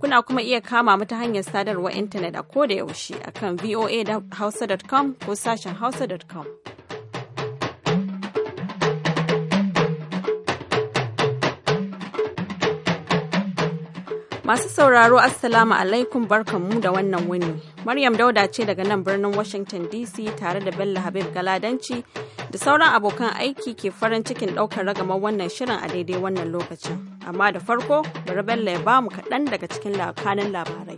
Kuna kuma iya kama mu ta hanyar sadarwa intanet a ko da yaushe akan voa hausa.com ko sashen hausa.com. Masu sauraro Assalamu alaikum barkanmu da wannan wuni. Maryam Dauda ce daga nan birnin Washington DC tare da Bello Habib Galadanci da sauran abokan aiki ke farin cikin ɗaukar ragamar wannan shirin a daidai wannan lokacin. Amma da farko, bari Bello ya bamu kaɗan daga cikin kanin labarai.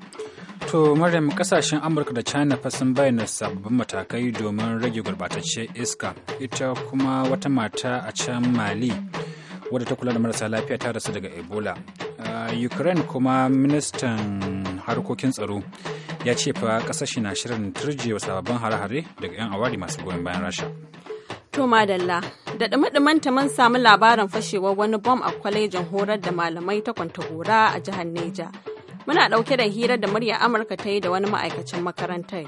To Maryam kasashen Amurka da China fa sun bayyana sababbin matakai domin rage gurbatacce iska. Ita kuma wata mata a can Mali wadda ta kula da marasa lafiya ta rasu daga Ebola. a ukraine kuma ministan harkokin tsaro ya ce fa kasashe na shirin turjewa sababbin hare-hare daga 'yan awari masu goyon bayan rasha To Madalla, da ɗumi mun samu labarin fashewar wani bom a kwalejin horar da malamai ta gora a jihar Neja. Muna ɗauke da hira da murya Amurka ta yi da wani ma'aikacin makarantar.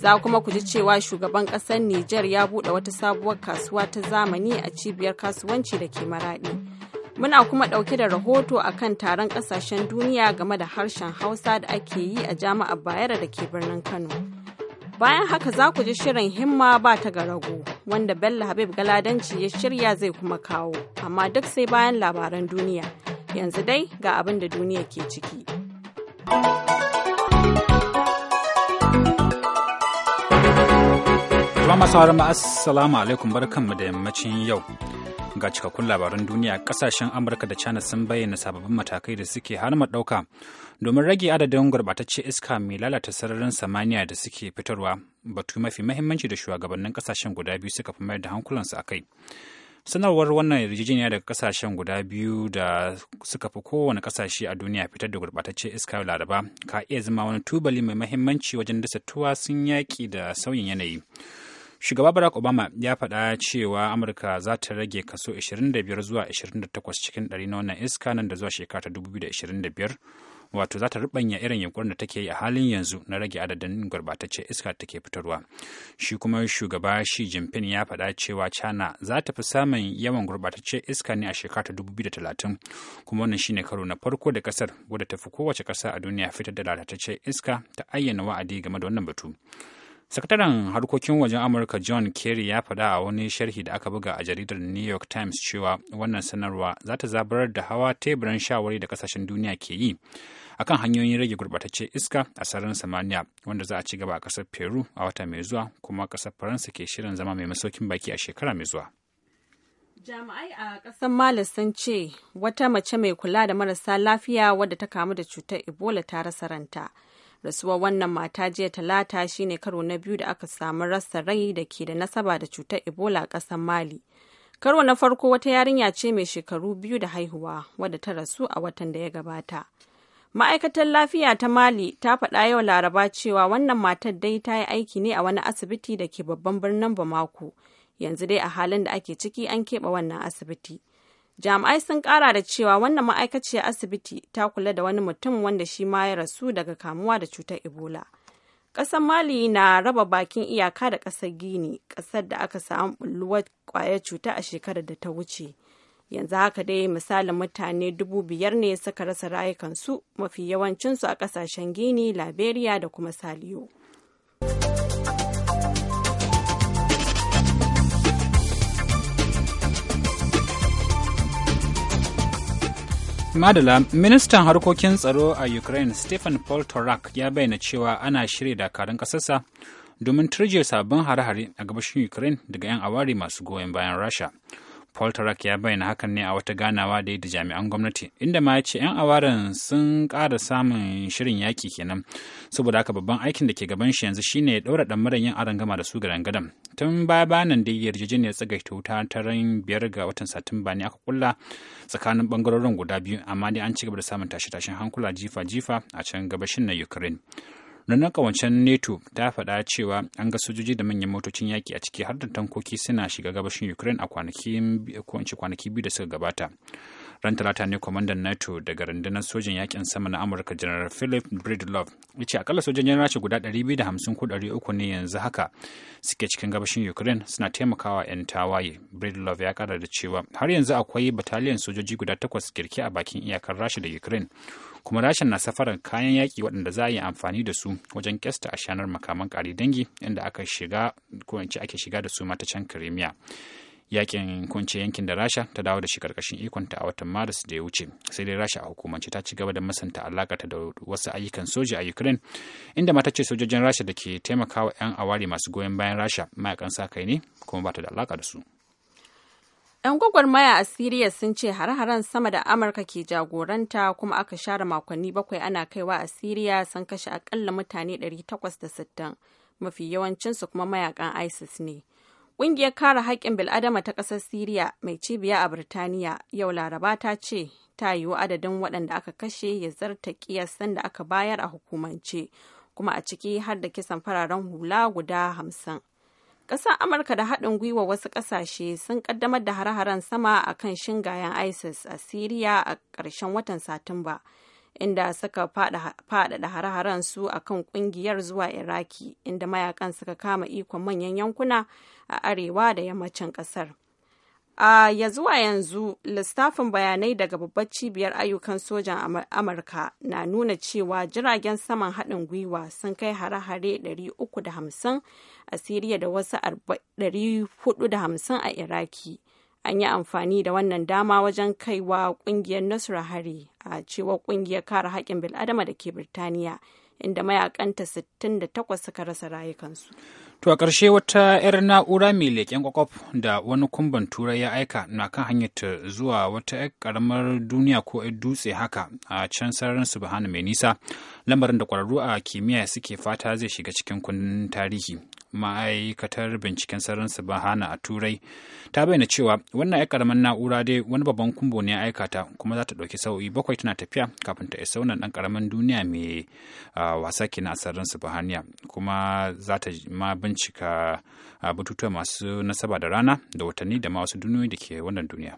Za kuma ku ji cewa shugaban ƙasar Nijar ya buɗe wata sabuwar kasuwa ta zamani a cibiyar kasuwanci da ke Maraɗi. Muna kuma ɗauke da rahoto a kan taron ƙasashen duniya game da harshen Hausa da ake yi a jami'ar Bayero da ke birnin Kano. Bayan haka za ku ji shirin himma ba ta garago wanda Bello Habib Galadanci ya shirya zai kuma kawo, amma duk sai bayan labaran duniya. Yanzu dai ga abin da duniya ke ciki. Jama'a sauran salamu alaikum barkanmu da yammacin yau. ga cikakkun labaran duniya kasashen amurka da china sun bayyana sababbin matakai da suke harma ɗauka domin rage adadin gurɓatacce iska mai lalata sararin samaniya da suke fitarwa batu mafi mahimmanci da shugabannin kasashen guda biyu suka fi mayar da hankulansu a kai sanarwar wannan yarjejeniya daga kasashen guda biyu da suka fi kowane kasashe a duniya fitar da gurɓatacce iska laraba ka iya zama wani tubali mai mahimmanci wajen dasa tuwa sun yaƙi da sauyin yanayi Shugaba Barack Obama ya faɗa cewa Amurka za ta rage kaso 25 zuwa 28 cikin ɗari na wannan iska nan da zuwa shekara ta 2025. wato za ta rubanya irin yankunan da take yi a halin yanzu na rage adadin gurbataccen iska da take fitarwa shi kuma shugaba shi jinping ya faɗa cewa china za ta fi samun yawan gurbataccen iska ne a shekara ta 2030 kuma wannan shine karo na farko da kasar wadda ta fi kowace kasa a duniya fitar da lalataccen iska ta ayyana wa'adi game da wannan batu Sakataren harkokin wajen Amurka John Kerry ya faɗa a wani sharhi da aka buga a jaridar New York Times cewa wannan sanarwa za ta zabarar da hawa teburan shawari da kasashen duniya ke yi a kan hanyoyin rage gurɓataccen iska a sararin samaniya wanda za a ci gaba a ƙasar Peru a wata mai zuwa kuma ƙasar Faransa ke shirin zama mai masaukin baki a shekara mai zuwa. Jami'ai a ƙasar Mali sun ce wata mace mai kula da marasa lafiya wadda ta kamu da cutar Ebola ta rasa ranta. rasuwar wannan mata jiya talata shine karo na biyu da aka samu rasa rai da ke da nasaba da cutar ebola a ƙasar mali karo na farko wata yarinya ce mai shekaru biyu da haihuwa wadda ta rasu a watan da ya gabata ma'aikatar lafiya ta mali ta faɗa yau laraba cewa wannan matar dai ta yi aiki ne a wani asibiti da ke babban birnin bamako yanzu dai a halin da ake ciki an keɓe wannan asibiti jami'ai sun kara da cewa wannan ma'aikaciyar asibiti ta kula da wani mutum wanda shi ma ya rasu daga kamuwa da cutar ebola ƙasar mali na raba bakin iyaka da ƙasar gini ƙasar da aka samu bulluwar kwayar cuta a shekarar da ta wuce yanzu haka dai misalin mutane dubu biyar ne suka rasa rayukansu mafi yawancinsu a ƙasashen gini liberia da kuma saliyo Madala, ministan harkokin tsaro a Ukraine Stephen Paul Torak ya bayyana cewa ana shirya dakarun ƙasarsa domin turje sabbin hare-hare a gabashin Ukraine daga 'yan awari masu goyon bayan Rasha. Poltarak ya bayyana hakan ne a wata ganawa da da jami'an gwamnati, inda ma ya ce 'yan awaran sun ƙara samun shirin yaƙi kenan. Saboda haka babban aikin da ke gaban shi yanzu shine ya ɗaura ɗamarin yin gama da su ga gadan Tun baya banan da yarjejeniyar tsagaita wuta ta ran biyar ga watan Satumba ne aka kulla tsakanin ɓangarorin guda biyu, amma dai an ci gaba da samun tashe-tashen hankula jifa-jifa a can gabashin na Ukraine. Rundunar kawancen NATO ta faɗa cewa an ga sojoji da manyan motocin yaki a ciki har da tankoki suna shiga gabashin Ukraine a kwanaki biyu da suka gabata. ran talata ne kwamandan nato daga rundunar sojan yakin sama na amurka general philip breedlove ya ce akalla yana rasha guda 250 ko 300 ne yanzu haka suke cikin gabashin ukraine suna taimakawa 'yan tawaye breedlove ya kara da cewa har yanzu akwai bataliyan sojoji guda takwas kirki a bakin iyakar rasha da ukraine kuma rashin na safarar kayan yaƙi waɗanda za a yi amfani da su wajen ƙyasta a shanar makaman ƙari dangi inda aka shiga ko ake shiga da su mata can kirimiya yakin kunce yankin da rasha ta dawo da shi karkashin ikonta a watan maris da ya wuce sai dai rasha a hukumance ta ci gaba da masanta alakata da wasu ayyukan soja a ukraine inda mata ce sojojin rasha da ke taimakawa 'yan awari masu goyon bayan rasha mayakan sa kai ne kuma bata da alaka da su. 'Yan gwagwarmaya a Siriya sun ce har-haren sama da Amurka ke jagoranta kuma aka share makonni bakwai ana kaiwa a Siriya sun kashe akalla mutane 860 mafi yawancinsu kuma mayakan ISIS ne. Ƙungiyar kare haƙƙin bil'adama ta ƙasar Siriya mai cibiya a Birtaniya yau Laraba ta ce ta yiwu adadin waɗanda aka kashe ya zarta kiyasan da aka bayar a hukumance kuma a ciki har da kisan fararen hula guda hamsin. Ƙasar Amurka da haɗin gwiwa wasu ƙasashe sun ƙaddamar da hare sama a kan shingayen ISIS a Siriya a ƙarshen watan Satumba, inda suka faɗaɗa har haren su a kan ƙungiyar zuwa Iraki, inda mayakan suka kama ikon manyan yankuna a arewa da yammacin ƙasar. A ya zuwa yanzu lissafin bayanai daga babbar cibiyar ayyukan sojan Amurka na nuna cewa jiragen saman haɗin gwiwa sun kai hare-hare 350 a Siriya da wasu 450 a Iraki. An yi amfani da wannan dama wajen kaiwa ƙungiyar Nusra hari a cewa ƙungiyar kare haƙƙin bil'adama da ke Birtaniya, inda mayakanta 68 suka rasa rayukansu. To a ƙarshe wata 'yar na'ura mai leƙen kwakwaf da wani kumban turai ya aika na kan hanyar ta zuwa wata 'yar ƙaramar duniya ko 'yar dutse haka a can sararin su mai nisa lamarin da kwararru a kimiyya suke fata zai shiga cikin kundin tarihi ma'aikatar binciken sararin bahana a turai ta bayyana cewa wannan 'yar karamin na'ura dai wani babban kumbo ne aikata kuma za ta ɗauki sau'i bakwai tana tafiya kafin ta isa wannan ɗan karamin duniya mai wasa ke na sararin bahaniya kuma za ta ma bincika batutuwa masu nasaba da rana da watanni da ma wasu duniyoyi da ke wannan duniya.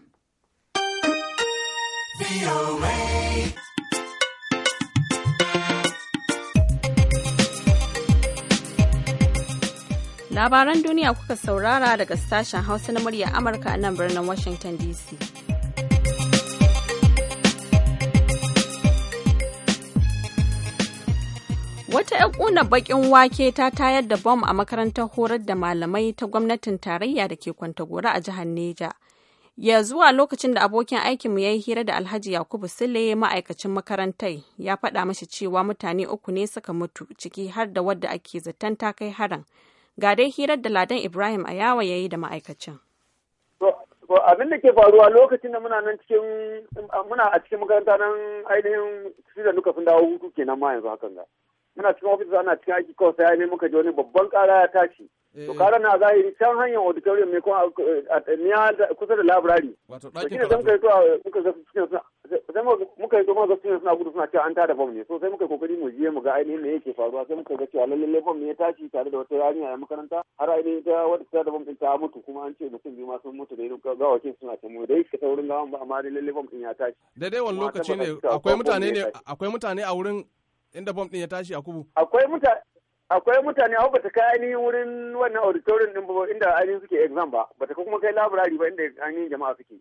Labaran duniya kuka saurara daga sashen Hausa na murya Amurka a nan birnin Washington DC. Wata 'yan ƙuna baƙin wake ta tayar da bom a makarantar horar da malamai ta gwamnatin tarayya da ke Kwantagora a jihar Neja. Ya zuwa lokacin da abokin aikinmu ya yi hira da Alhaji Yakubu Sule ma'aikacin makarantar ya faɗa mashi cewa mutane uku ne suka mutu ciki har da wadda ake zaton ta kai harin. Ga dai hirar da Ladan Ibrahim a yawa ya da ma'aikacin. abin da ke faruwa lokacin da muna nan cikin muna a cikin makaranta nan ainihin su da nuka sun dawo hutu kenan ma yanzu hakan ga. muna cikin ofis ana cikin aiki kawai sai ne muka ji wani babban kara ya tashi to kara eh. na zahiri can hanyar auditorium ne kuma kusa da labrari wato ɗakin karatu muka yi to muka suna sai muka yi to ga cikin suna gudu suna cewa an tada bom ne so sai muka kokari mu je mu ga ainihin me yake faruwa sai muka ga cewa lalle bom ne ya tashi tare da wata yarinya a makaranta har ainihin ta wata ta da bom din ta mutu kuma an ce mutum biyu ma sun mutu da irin gawakin suna can mu dai ka saurin gawan ba amma lalle bom ɗin ya tashi daidai wani lokaci ne akwai mutane ne akwai mutane a wurin inda bom din ya tashi kubu akwai mutane akwai mutane a bata kai ainihin wurin wannan auditorium din ba inda ainihin suke exam ba bata kuma kai library ba inda ainihin jama'a suke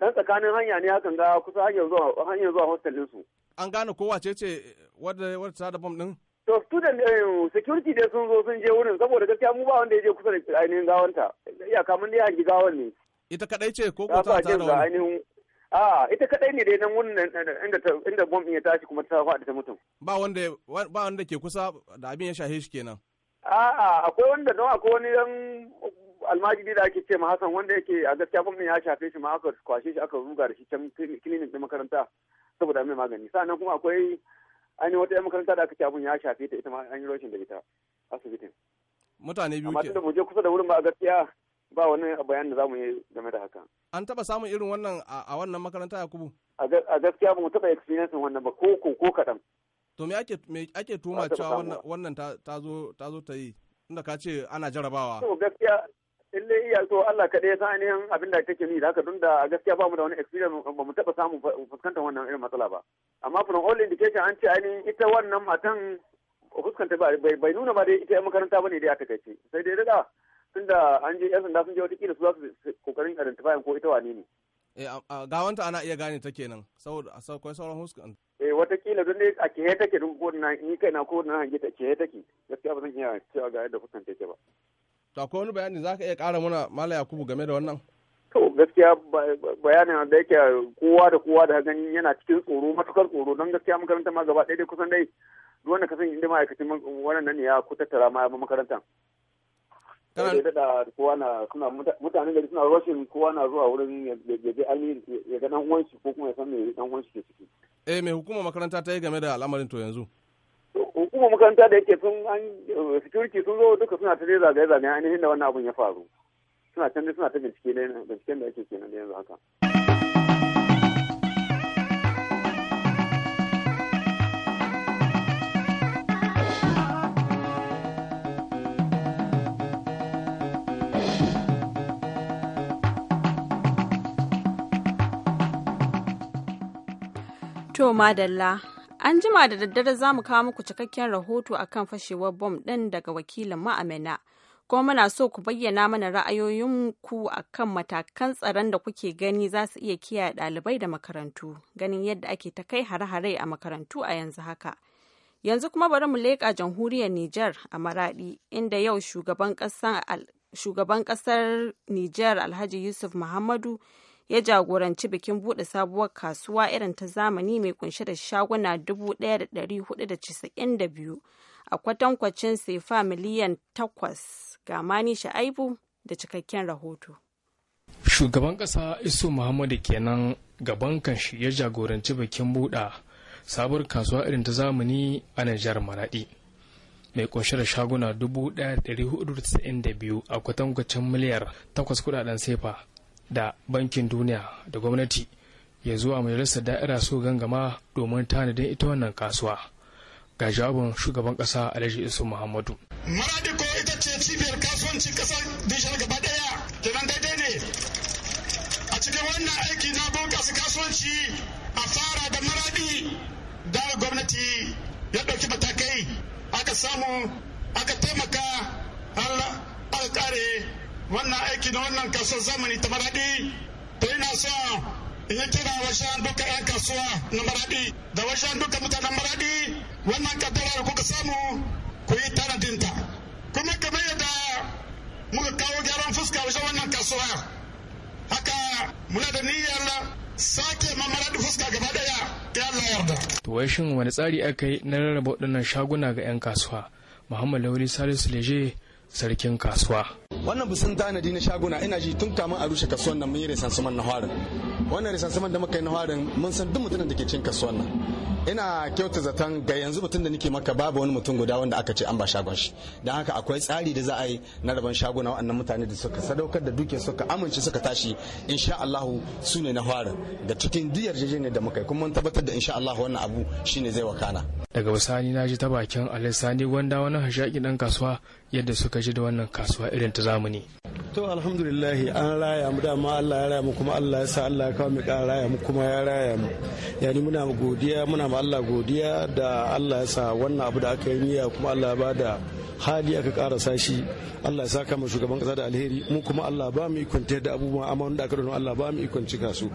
dan tsakanin hanya ne hakan ga kusa hanyar zuwa hanyar zuwa hostel din su an gane kowa ce ce wadda wadda ta da bom din to student eh, security dai sun zo sun je wurin saboda gaskiya mu ba wanda ya je kusa da ainihin gawanta iya kamun dai a gawan ne ita kadai ce ko ko ta da wani a ita kadai ne dai nan wannan inda inda bomb ya tashi kuma ta faɗi ta mutum ba wanda ba wanda ke kusa da abin ya shahe shi kenan a'a akwai wanda don akwai wani dan almajiri da ake ce ma Hassan wanda yake a gaskiya bomb ya shafe shi ma aka kwashe shi aka ruga da shi can clinic din makaranta saboda mai magani sannan kuma akwai ainihin wata yan makaranta da aka ce abin ya shafe ta ita ma an yi roshin da ita asibitin mutane biyu ke amma da mu kusa da wurin ba a gaskiya ba wani bayan da zamu yi game da haka an taba samun irin wannan a wannan makaranta kubu. a gaskiya ba mu taba experience wannan ba ko ko ko kadan to me ake me ake tuma cewa wannan wannan ta zo ta zo ta yi inda ka ce ana jarabawa to gaskiya ille iya so Allah kaɗai ya san ainihin abin da kake ni da haka tun da gaskiya ba mu da wani experience ba mu taɓa samun fuskantar wannan irin matsala ba amma from all indication an ce ainihin ita wannan matan fuskanta bai nuna ba dai ita yan makaranta ne dai aka kai sai dai daga tunda an je yan sanda sun je wata kila su za su kokarin identify ko ita wane ne eh ga wanta ana iya gane ta kenan saboda akwai sauran huskan eh wata kila don a ke take duk ko na ni kai na ko na hange ta ke take gaskiya ba zan iya cewa ga yadda kusan take ba to akwai wani bayani za ka iya ƙara muna mala yakubu game da wannan to gaskiya bayanin da yake kowa da kowa da gani yana cikin tsoro matukar tsoro don gaskiya makaranta ma gaba ɗaya dai kusan dai duk wanda ka san inda ma'aikacin wannan ne ya ku tattara ma makarantar kana da kowa na suna mutane gari suna roshin kowa na zuwa wurin ya je ainihin ya ga dan uwanshi ko kuma ya san me dan uwanshi ke ciki eh me hukumar makaranta ta yi game da al'amarin to yanzu hukumar makaranta da yake sun an eh, security sun zo duka suna ta zagaye zagaye ainihin da wannan abun ya faru suna can suna ta bincike ne binciken da ake kenan yanzu haka To madalla, an jima da daddare za mu kawo muku cikakken rahoto akan fashewar bom ɗin daga wakilin ma'amina. Kuma muna so ku bayyana mana ra'ayoyinku kan matakan tsaron da kuke gani za su iya kiyaye ɗalibai da makarantu, ganin yadda ake ta kai hare-hare a makarantu a yanzu haka. yanzu kuma bari mu leƙa jamhuriyar Nijar a maraɗi inda yau shugaban ƙasar Nijar Alhaji Yusuf Muhammadu ya jagoranci bikin buɗe sabuwar kasuwa irin ta zamani mai kunshe da shaguna 1,492 a kwatankwacin sefa miliyan 8 ga mani sha'aibu da cikakken rahoto. Shugaban ƙasa iso Muhammadu kenan gaban kanshi ya jagoranci bikin buɗa sabuwar kasuwa irin ta zamani a Nijar Maraɗi. Mai kunshi da shaguna 1,492 a kwatankwacin miliyar 8 kudaden sefa da bankin duniya da gwamnati ya zuwa majalisar da'ira so gangama domin tanadin ita wannan kasuwa ga jawabin shugaban kasa alhaji isu muhammadu ko ita ce cibiyar kasuwanci kasar dishar gaba daya kenan daidai ne a cikin wannan aiki na bunkasa kasuwanci a fara da maraɗi da gwamnati ya ɗauki matakai aka samu aka taimaka har aka kare wannan aiki na wannan kasuwar zamani ta maraɗi to ina so in yi kira wajen duka 'yan kasuwa na maraɗi da wajen duka mutanen maraɗi wannan kaddarar kuka samu ku yi tanadinta kuma kamar yadda muka kawo gyaran fuska wajen wannan kasuwa haka muna da niyyar sake ma maraɗi fuska gaba daya ta yalla yarda. To wai shin wani tsari aka yi na rarraba waɗannan shaguna ga 'yan kasuwa? Muhammad Lauri Salisu Leje sarkin kasuwa wannan bisan tanadi na shaguna ina ji tun kamun a rushe kasuwan nan mun yi resansuman na harin wannan resansuman da muka yi na harin mun san duk mutumin da ke cin kasuwan nan ina kyauta zaton ga yanzu mutum da nake maka babu wani mutum guda wanda aka ce an ba shagon shi don haka akwai tsari da za a yi na rabon shaguna waɗannan mutane da suka sadaukar da duke suka amince suka tashi insha Allah su ne na fara da cikin diyar jeje da muka yi kuma mun tabbatar da insha Allah wannan abu shine zai wakana daga bisani na ji ta bakin alisani gwanda wani hashaki dan kasuwa yadda suka ji da wannan kasuwa irin ta zamani to alhamdulillah an raya mu dama Allah ya raya mu kuma Allah ya sa Allah ya kawo mu raya mu kuma ya raya mu yani muna godiya muna ma Allah godiya da Allah ya sa wannan abu da aka yi niyya kuma Allah ya bada hali aka ƙara sashi. Allah ya saka mu shugaban kasa da alheri mu kuma Allah ba mu ikon da abubuwan amon da aka dono Allah ba mu ikon cika su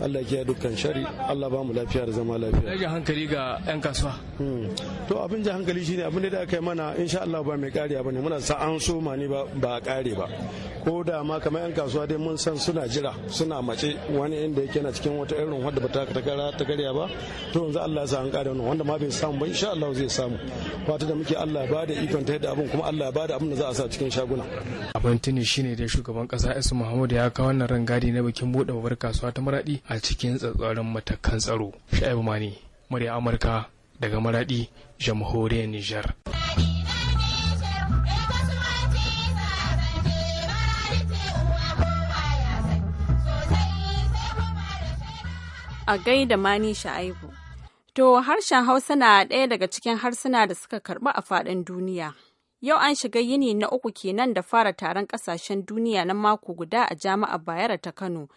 Allah ya dukkan shari Allah ba mu lafiya da zama lafiya rage hankali ga yan kasuwa hmm. to abin ji hankali shine abin da aka yi mana insha Allah ba mai kariya ne. muna sa an so ma ne ba ba kare ba ko da ma kamar yan kasuwa dai mun san suna jira suna mace wani inda yake na cikin wata irin wadda ba ta ta karya ba to yanzu Allah ya sa an kare wanda ma bai samu ba insha Allah zai samu fata da muke Allah ba da ikon ta yadda abin kuma Allah ya bada abin da za a sa cikin shaguna. Abin tuni shine da shugaban kasa Isu ya kawo wannan rangadi na bikin buɗe babbar kasuwa ta Maradi a cikin tsatsarin matakan tsaro. Sha'ibu Mani, murya Amurka daga Maradi, jamhuriyar Nijar. a gaida mani sha'aibu. To harshen Hausa na ɗaya daga cikin harsuna da suka karɓi a faɗin duniya. Yau an shiga yini na uku kenan da fara taron kasashen duniya na mako guda a jami'ar Bayero ta Kano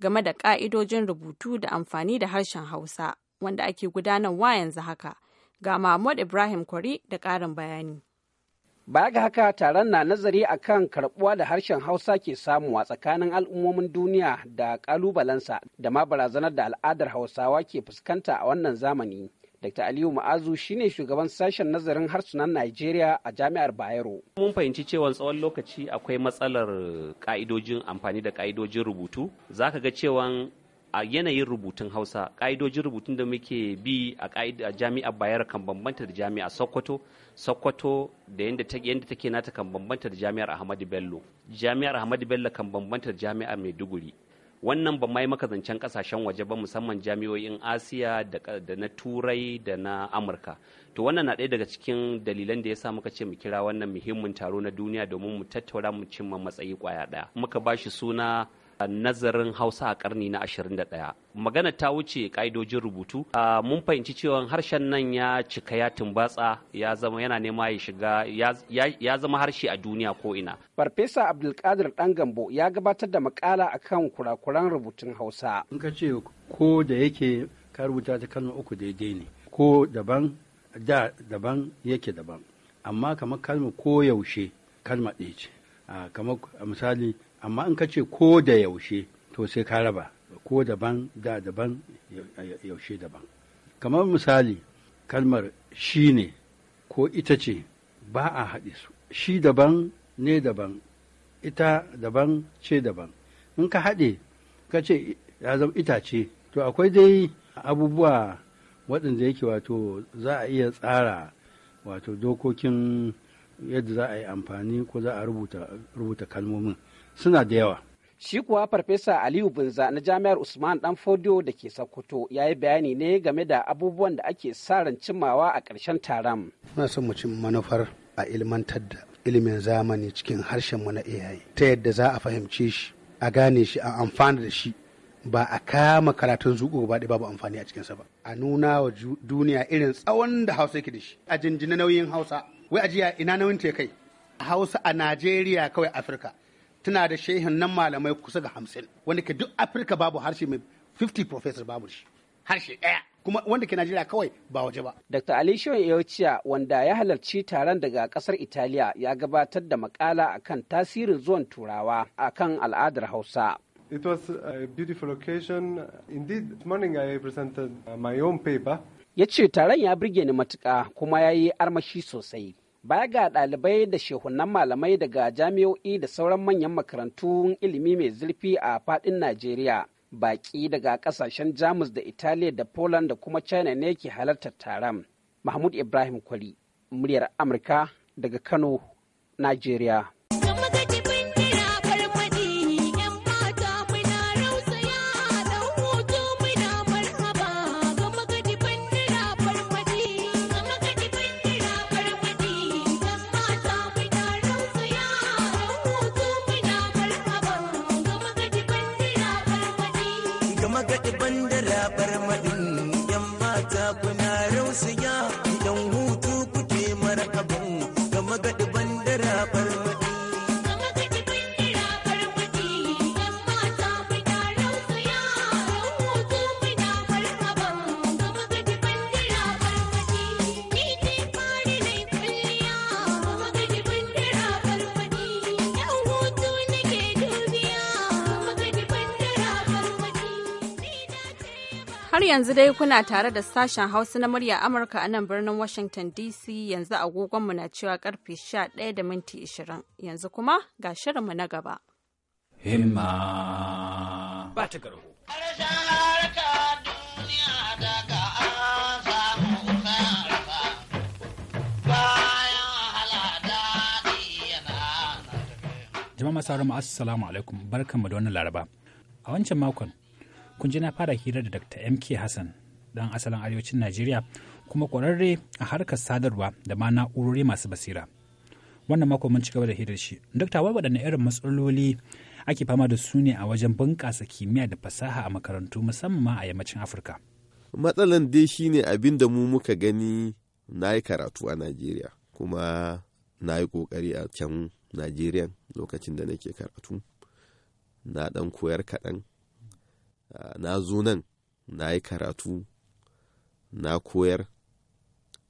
game da ƙa'idojin rubutu da amfani da harshen Hausa wanda ake gudanarwa yanzu haka. Ga Mahmud Ibrahim Kwari da ƙarin bayani. Baya ga haka taron na nazari akan kan karɓuwa da harshen Hausa ke samuwa tsakanin al'ummomin duniya da ƙalubalensa da ma barazanar da al'adar Hausawa ke fuskanta a wannan zamani. Dr. Aliyu Ma'azu shine shugaban sashen nazarin harsunan Najeriya a Jami'ar Bayero. Mun fahimci cewa tsawon lokaci akwai matsalar ka'idojin amfani da ka'idojin rubutu. Za ka ga cewa a yanayin rubutun Hausa, ka'idojin rubutun da muke bi a jami'ar Bayero kan bambanta da jami'ar Sokoto. Sokoto da yadda take yadda take nata kan bambanta da jami'ar Ahmadu Bello. Jami'ar Ahmadu Bello kan bambanta da jami'ar Maiduguri. wannan ba mai maka zancen kasashen waje ba musamman jami'o'in asiya da na turai da na amurka to wannan na ɗaya daga cikin dalilan da ya sa muka ce mu kira wannan muhimmin taro na duniya domin mu tattauna mu cimma matsayi kwaya ɗaya muka ba shi suna nazarin hausa a karni na 21 magana ta wuce ka'idojin rubutu mun fahimci cewa harshen nan ya cika ya tumbatsa ya zama yana nema ya shiga ya zama harshe a duniya ko ina farfesa abdulkadir dan gambo ya gabatar da makala a akan kurakuran rubutun hausa in ka ce ko da yake ka rubuta ta kalma uku daidai ne ko daban da daban yake daban amma kamar kalma ko yaushe kalma ɗaya ce kamar misali amma in ka ce ko da yaushe to sai ka raba ko daban da daban yaushe daban kamar misali kalmar shi ne ko ita ce ba a haɗe su shi daban ne daban ita daban ce daban in ka haɗe ka ce ya zama itace to akwai dai abubuwa waɗanda yake wato za a iya tsara wato dokokin yadda za a yi amfani ko za a rubuta kalmomin suna da yawa Shi kuwa Farfesa Aliyu Binza na Jami'ar Usman Dan Fodio da ke Sokoto ya yi bayani ne game da abubuwan da ake sa ran cimmawa a ƙarshen taron. Muna son mu cin manufar a ilmantar da ilimin zamani cikin harshenmu na AI ta yadda za a fahimce shi, a gane shi, a amfana da shi ba a kama karatun zuƙo gaba ɗaya babu amfani a cikinsa ba. A nuna wa duniya irin tsawon da Hausa yake da shi. A jinjina nauyin Hausa, wai ajiya ina nauyin ta kai. Hausa a Najeriya kawai Afirka. tana da shehin nan malamai kusa ga hamsin wanda ke duk afirka babu harshe mai 50 professor babu shi harshe ɗaya kuma wanda ke Najeriya kawai ba waje ba. Dr. Alisho Yauciya wanda ya halarci taron daga kasar Italiya ya gabatar da makala akan tasirin zuwan Turawa akan al'adar Hausa. It was a beautiful occasion. Indeed, morning I presented my own paper. Ya ce taron ya burge ni matuka kuma ya yi armashi sosai. Baya ga ɗalibai da shehunan malamai daga jami'o'i da sauran manyan makarantun ilimi mai zurfi a faɗin Najeriya, baƙi daga ƙasashen Jamus da Italiya da Poland da kuma China ne ke halartar taron. Mahmud Ibrahim Kwali, muryar Amurka daga Kano, Najeriya. तेरा पर yanzu dai kuna tare da sashen Hausa na murya Amurka a nan birnin Washington DC yanzu agogonmu na cewa karfe 11 da minti 20. Yanzu kuma ga shirinmu na gaba. Himma ba ta garo. Jama'a alaikum barkanmu da wannan laraba. A wancan makon kun ji na fara hira da dr mk hassan dan asalin arewacin najeriya kuma ƙwararre a harkar sadarwa da ma na'urori masu basira wannan mako mun ci gaba da hirar shi dokta wai waɗanne irin matsaloli ake fama da su ne a wajen bunƙasa kimiyya da fasaha a makarantu musamman a yammacin afirka matsalan dai shine abin da mu muka gani na yi karatu a najeriya kuma na yi ƙoƙari a can najeriya lokacin da nake karatu na ɗan koyar kaɗan Ah, na zo nan na yi karatu na koyar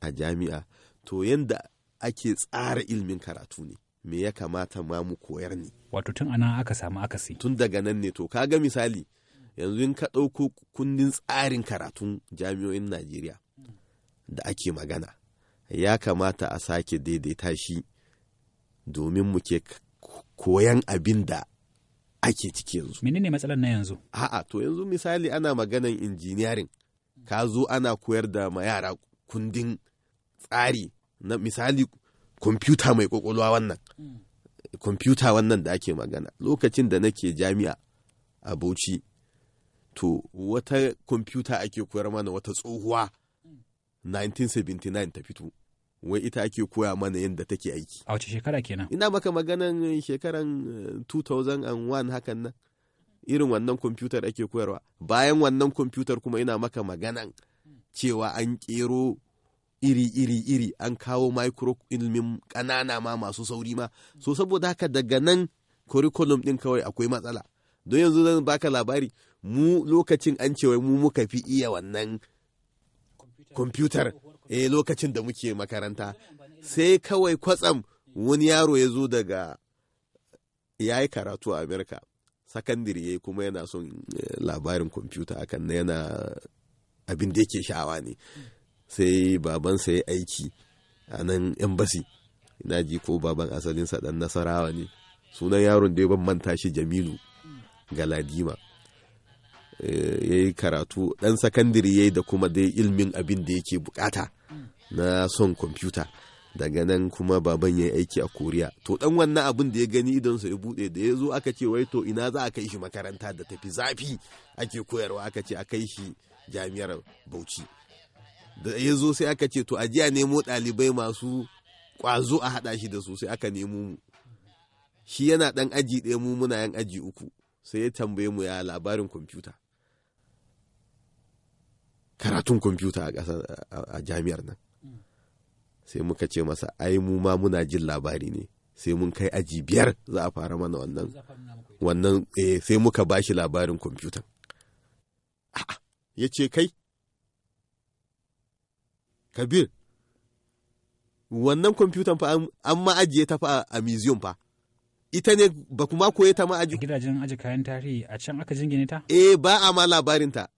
a jami'a to yadda ake tsara ilmin karatu ne me ya kamata ma mu koyar ne wato tun ana aka samu akasi tun daga nan ne to kaga misali yanzu in ka ɗauko kundin tsarin karatun jami'o'in najeriya da ake magana ya kamata a sake daidaita shi domin muke koyan abin da ake ciki yanzu. Menene matsalar na yanzu? A'a to yanzu misali ana maganan injiniyarin ka zo ana koyar da ma yara kundin tsari na misali kwamfuta mai kwakwalwa wannan. Kwamfuta hmm. wannan da ake magana lokacin da nake jami'a a Bauchi to wata kwamfuta ake koyar mana wata tsohuwa 1979 hmm. ta fito. wai ita ake koya mana yadda take aiki. A wace shekara kenan? Ina maka maganan eh, shekaran 2001 eh, hakan nan. Irin wannan kwamfutar ake koyarwa. Bayan wannan kwamfutar kuma ina maka maganan cewa an kero iri-iri-iri an kawo micro ilmin ƙanana ma masu sauri ma. So saboda haka daga nan curriculum ɗin kawai akwai matsala. Don yanzu zan baka labari mu lokacin an cewa mu muka fi iya wannan kwamfutar. eh lokacin da muke makaranta sai kawai kwatsam wani yaro ya zo daga ya yi karatu a amerika sakandiri ya kuma yana son eh, labarin kwamfuta akan na yana abin da yake sha'awa ne sai baban sai aiki a nan embassy na ji ko baban asalinsa dan nasarawa ne sunan yaron da ban manta shi jamilu galadima Eh, ya yi karatu ɗan sakandare ya yi da kuma dai ilmin abin da yake bukata na son kwamfuta daga nan kuma baban ya yi aiki a koriya to dan wannan abin da ya gani idan sa ya bude da ya zo aka ce wai to ina za a kai shi makaranta da tafi zafi ake koyarwa aka ce a kai shi jami'ar bauchi da ya zo sai aka ce to ajiya nemo ɗalibai masu ƙwazo a haɗa shi da su sai aka nemo mu shi yana ɗan aji ɗaya mu muna yan aji uku sai ya tambaye mu ya labarin kwamfuta karatun kwamfuta a ƙasa a jami'ar nan sai muka ce masa ai mu ma muna jin labari ne sai mun kai aji biyar za a fara mana wannan wannan eh, sai muka bashi labarin kwamfuta ya ce kai kabir wannan kwamfutan fa an ma ajiye ta fa a museum fa ita ne ba kuma koye ta ma aji gidajen aji kayan tarihi a can aka jingine ta eh ba a ma labarin ta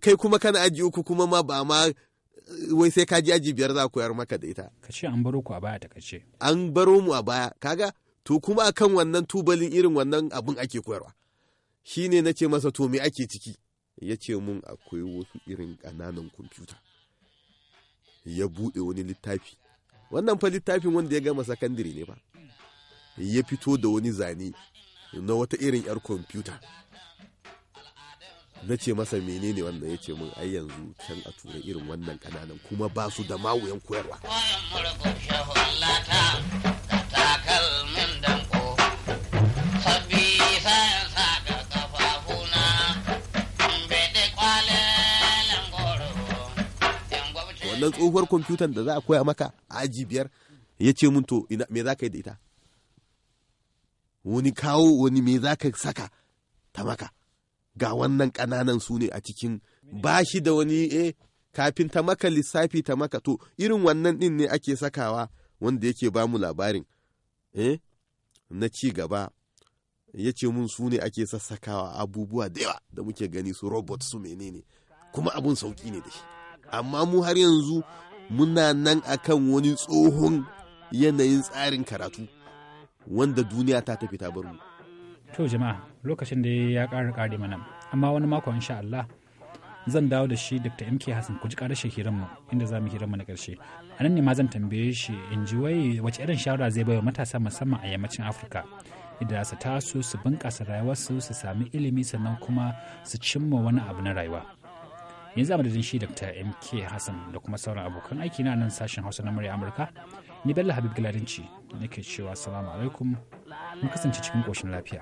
kai kuma kana aji uku kuma ma ba ma wai sai ka ji aji biyar za koyar maka da ita. Ka ce an baro ku a baya ta kace. An baro mu a baya, kaga to kuma akan wannan tubalin irin wannan abin ake koyarwa. Shi ne na ce masa to me ake ciki? Ya ce mun akwai wasu irin ƙananan kwamfuta. Ya buɗe wani littafi. Wannan fa littafin wanda ya gama sakandire ne ba. Ya fito da wani zane na wata irin 'yar kwamfuta. na ce masa menene wannan ya ce min ai yanzu can a ture irin wannan kananan kuma ba su da mawuyan koyarwa wannan tsohuwar kwamfutan da za a koya maka a aji biyar ya ce mun to me za ka yi da ita wani kawo wani me za ka saka ta maka ga wannan ƙananan su ne a cikin ba shi da wani e kafin ta maka lissafi ta maka to irin wannan ɗin ne ake sakawa wanda yake ba mu labarin e na ci gaba ya ce mun su ne ake sassakawa abubuwa da yawa da muke gani su robot su menene kuma abun sauki ne da shi amma mu har yanzu muna nan akan wani tsohon yanayin tsarin karatu wanda duniya ta tafi ta bar mu to jama'a lokacin da ya ƙara ƙare mana amma wani mako insha Allah zan dawo da shi Dr. MK Hassan ku ji hirar hiranmu inda hirar mu hiranmu na ƙarshe. A nan ne ma zan tambaye shi in ji wai wace irin shawara zai baiwa matasa musamman a yammacin Afirka. Idan su taso su bunƙasa rayuwar su su sami ilimi sannan kuma su cimma wani abu na rayuwa. Yanzu a madadin shi Dr. MK Hassan da kuma sauran abokan aiki na nan sashen Hausa na murya Amurka. Ni Bello Habib Giladinci nake cewa assalamu alaikum mu kasance cikin ƙoshin lafiya.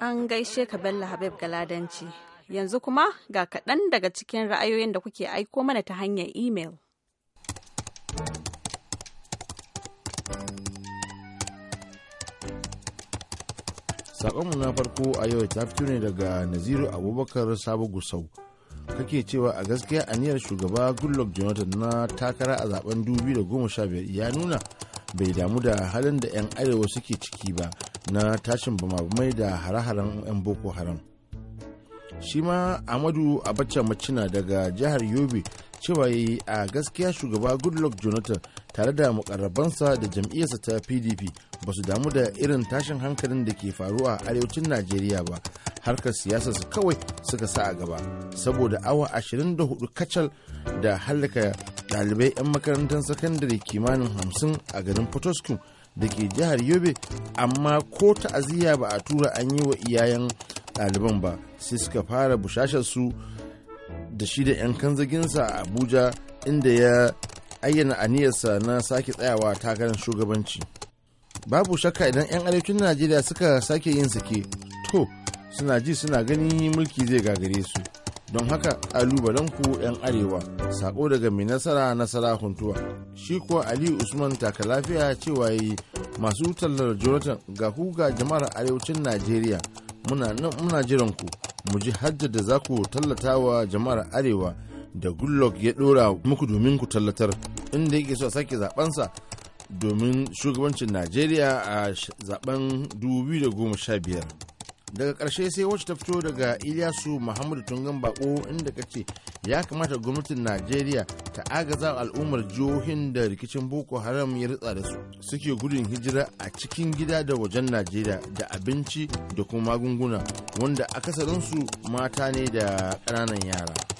An gaishe ka Bello Habib Galadanci. Yanzu kuma ga kaɗan daga cikin ra'ayoyin da kuke aiko mana ta hanyar imel. sakonmu na farko a yau ta fito ne daga naziru abubakar sabo gusau kake cewa a gaskiya aniyar shugaba goodluck jonathan na takara a zaben 2015 ya nuna bai damu da halin da 'yan arewa suke ciki ba na tashin bamabamai da hare-haren 'yan boko haram shi ma amadu abacha macina daga jihar yobe cewa yi a gaskiya shugaba goodluck jonathan tare da mukarrabansa da jam'iyyarsa ta pdp ba su damu da irin tashin hankalin da ke faruwa a arewacin najeriya ba harkar siyasa su kawai suka sa a gaba saboda awa 24 kacal da hallaka ɗalibai 'yan makarantar sakandare kimanin hamsin a garin potoskum da ke jihar yobe amma ko ta'aziyya ba a tura an yi wa iyayen ɗaliban ba sai suka fara bushashar su da shi da 'yan kanzaginsa a abuja inda ya ayyana aniyarsa na sake tsayawa takarar shugabanci babu shakka idan 'yan arewacin najeriya suka sake yin sake to suna ji suna gani mulki zai gagare su don haka ƙalubalenku 'yan arewa sako daga mai nasara nasara huntuwa shi kuwa aliyu usman taka lafiya cewa yi masu tallar jonathan ga ga jama'ar arewacin najeriya muna nan muna jiran ku mu ji hajjar da za ku tallata wa jama'ar arewa da goodluck ya dora muku domin ku tallatar inda yake so a sake zabensa domin shugabancin najeriya a zaben 2015 daga ƙarshe sai wacce ta fito daga ilyasu muhammadu tungan bako inda ka ce ya kamata gwamnatin najeriya ta agaza al'ummar jihohin da rikicin boko haram ya ritsa da su suke gudun hijira a cikin gida da wajen najeriya da abinci da kuma magunguna wanda akasarinsu mata ne da ƙananan yara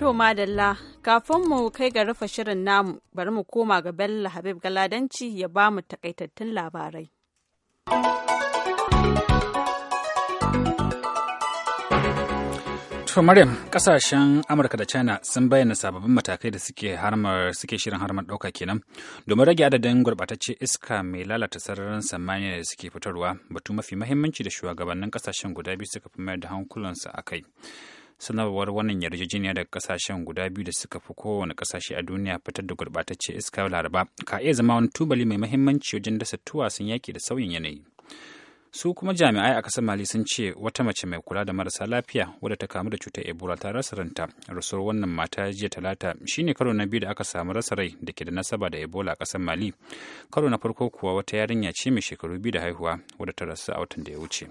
To madalla kafin mu kai ga rufe shirin namu bari mu koma ga Bello Habib Galadanci ya ba mu takaitattun labarai. To Maryam, kasashen Amurka da China sun bayyana sababbin matakai da suke harmar suke shirin harmar ɗauka kenan domin rage adadin gurɓatacce iska mai lalata sararin samaniya da suke fitarwa batu mafi mahimmanci da shugabannin kasashen guda biyu suka fi mayar da hankulansu a kai. sanarwar wannan yarjejeniya daga kasashen guda biyu da suka fi kowane kasashe a duniya fitar da gurɓatacce iska laraba ka iya zama wani tubali mai mahimmanci wajen dasa tuwasan yaki da sauyin yanayi su kuma jami'ai a kasar mali sun ce wata mace mai kula da marasa lafiya wadda ta kamu da cutar ebola ta rasa ranta rasuwar wannan mata jiya talata shine karo na biyu da aka samu rasa rai da ke da nasaba da ebola a kasar mali karo na farko kuwa wata yarinya ce mai shekaru biyu da haihuwa wadda ta rasu a watan da ya wuce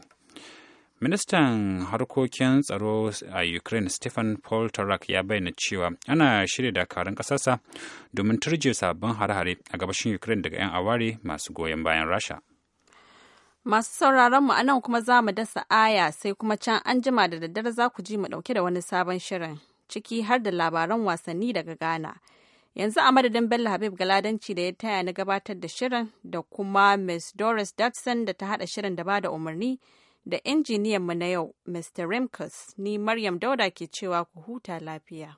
Ministan harkokin tsaro a Ukraine Stephen Poltorak ya bayyana cewa ana shirya dakarun ƙasarsa domin turje sabbin hare-hare a gabashin Ukraine daga 'yan aware masu goyon bayan Rasha. Masu sauraron mu anan kuma za mu dasa aya sai kuma can an jima da daddare za ku ji mu ɗauke da wani sabon shirin ciki har da labaran wasanni daga Ghana. Yanzu a madadin Bello Habib Galadanci da ya taya na gabatar da shirin da kuma Miss Doris Dodson da ta haɗa shirin da ba da umarni. da injiniyanmu na yau, Mr. Remkus, ni Maryam Dauda ke cewa ku huta lafiya.